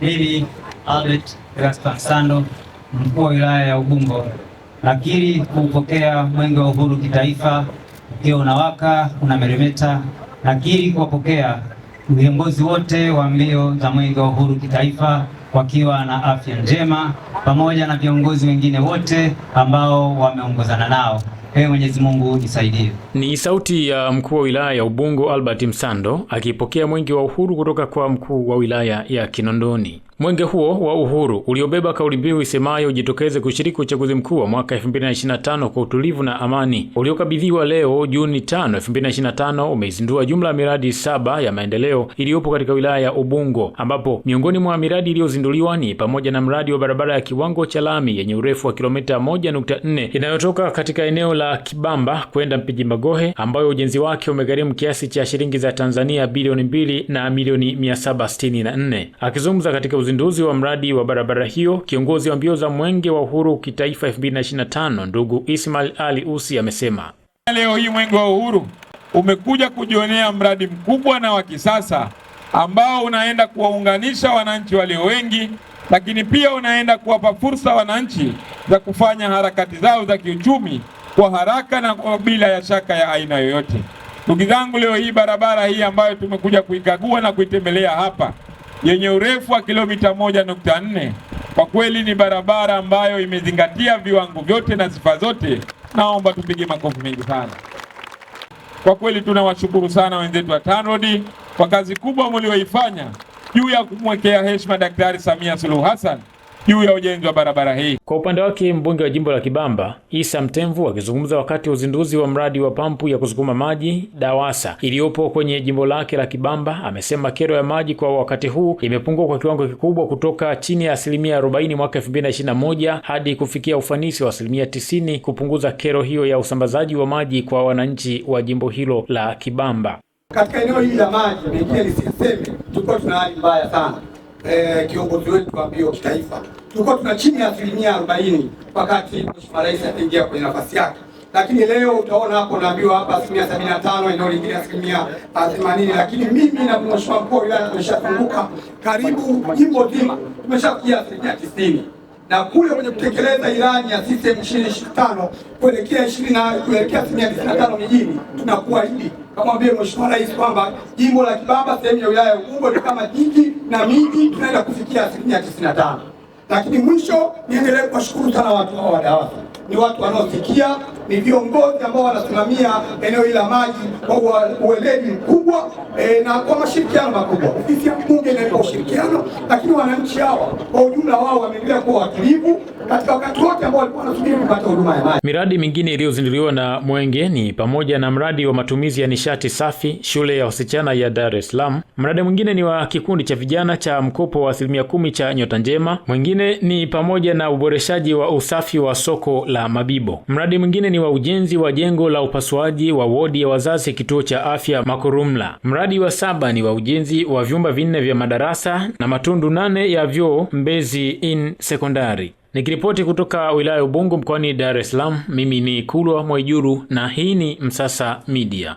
mimi Albert sando mkuu wa wilaya ya Ubungo, nakiri kuupokea mwenge wa uhuru kitaifa ukiwa unawaka unameremeta. Nakiri kuwapokea viongozi wote wa mbio za mwenge wa uhuru kitaifa wakiwa na afya njema, pamoja na viongozi wengine wote ambao wameongozana nao. Ewe Mwenyezi Mungu nisaidie. Ni sauti ya mkuu wa wilaya ya Ubungo Albert Msando akipokea mwenge wa uhuru kutoka kwa mkuu wa wilaya ya Kinondoni. Mwenge huo wa uhuru uliobeba kauli mbiu isemayo jitokeze kushiriki uchaguzi mkuu wa mwaka 2025 kwa utulivu na amani, uliokabidhiwa leo Juni 5, 2025 umeizindua jumla ya miradi saba ya maendeleo iliyopo katika wilaya ya Ubungo, ambapo miongoni mwa miradi iliyozinduliwa ni pamoja na mradi wa barabara ya kiwango cha lami yenye urefu wa kilomita 1.4 inayotoka katika eneo la Kibamba kwenda Mpiji Magohe, ambayo ujenzi wake umegharimu kiasi cha shilingi za Tanzania bilioni 2 na milioni 764. Akizungumza katika uzinduzi wa mradi wa barabara hiyo, kiongozi wa mbio za Mwenge wa Uhuru kitaifa 2025 ndugu Ismail Ali Usi amesema leo hii Mwenge wa Uhuru umekuja kujionea mradi mkubwa na wa kisasa ambao unaenda kuwaunganisha wananchi walio wengi, lakini pia unaenda kuwapa fursa wananchi za kufanya harakati zao za kiuchumi kwa haraka na kwa bila ya shaka ya aina yoyote. Ndugu zangu, leo hii barabara hii ambayo tumekuja kuikagua na kuitembelea hapa yenye urefu wa kilomita moja nukta nne. Kwa kweli ni barabara ambayo imezingatia viwango vyote na sifa zote. Naomba tupige makofi mengi sana. Kwa kweli tunawashukuru sana wenzetu wa TANROADS kwa kazi kubwa mlioifanya juu ya kumwekea heshima Daktari Samia Suluhu Hassan juu ya ujenzi wa barabara hii. Kwa upande wake, mbunge wa jimbo la Kibamba Isa Mtemvu akizungumza wakati wa uzinduzi wa mradi wa pampu ya kusukuma maji DAWASA iliyopo kwenye jimbo lake la Kibamba amesema kero ya maji kwa wakati huu imepungua kwa kiwango kikubwa kutoka chini ya asilimia 40 mwaka 2021 hadi kufikia ufanisi wa asilimia 90 kupunguza kero hiyo ya usambazaji wa maji kwa wananchi wa jimbo hilo la Kibamba. Katika eneo hili la maji mengine lisiseme, tulikuwa tuna hali mbaya sana eh, kiongozi wetu wa mbio kitaifa tulikuwa tuna chini ya asilimia arobaini wakati Mheshimiwa Rais ataingia kwenye nafasi yake, lakini leo utaona hapo naambiwa hapa asilimia sabini na tano eneo lingine asilimia themanini lakini mimi na Mheshimiwa mkuu wa wilaya tumeshafunguka karibu jimbo zima tumeshafikia asilimia tisini na kule kwenye kutekeleza ilani ya system 2025 kuelekea 20 kuelekea asilimia 95 mijini, tunakuahidi vile Mheshimiwa Rais kwamba jimbo la Kibamba sehemu ya wilaya ya Ubungo ni kama jiji na miji tunaenda kufikia asilimia 95. Lakini mwisho niendelee kuwashukuru sana watu hawa wa DAWASA, ni watu wanaosikia ni viongozi ambao wanasimamia eneo hili la maji kwa uweledi mkubwa e, na kwa mashirikiano makubwa. Ofisi ya mbunge inaweka ushirikiano, lakini wananchi hawa kwa ujumla wao wameendelea kuwa watulivu katika wakati wote ambao walikuwa wanasubiri kupata huduma ya maji. Miradi mingine iliyozinduliwa na Mwenge ni pamoja na mradi wa matumizi ya nishati safi shule ya wasichana ya Dar es Salaam. Mradi mwingine ni wa kikundi cha vijana cha mkopo wa asilimia kumi cha Nyota Njema. Mwingine ni pamoja na uboreshaji wa usafi wa soko la Mabibo. Mradi mwingine ni wa ujenzi wa jengo la upasuaji wa wodi ya wazazi kituo cha afya Makurumla. Mradi wa saba ni wa ujenzi wa vyumba vinne vya madarasa na matundu nane ya vyoo Mbezi in Sekondari. Nikiripoti kutoka wilaya ya Ubungo mkoani Dar es Salaam, mimi ni Kulwa Mwaijuru na hii ni Msasa Media.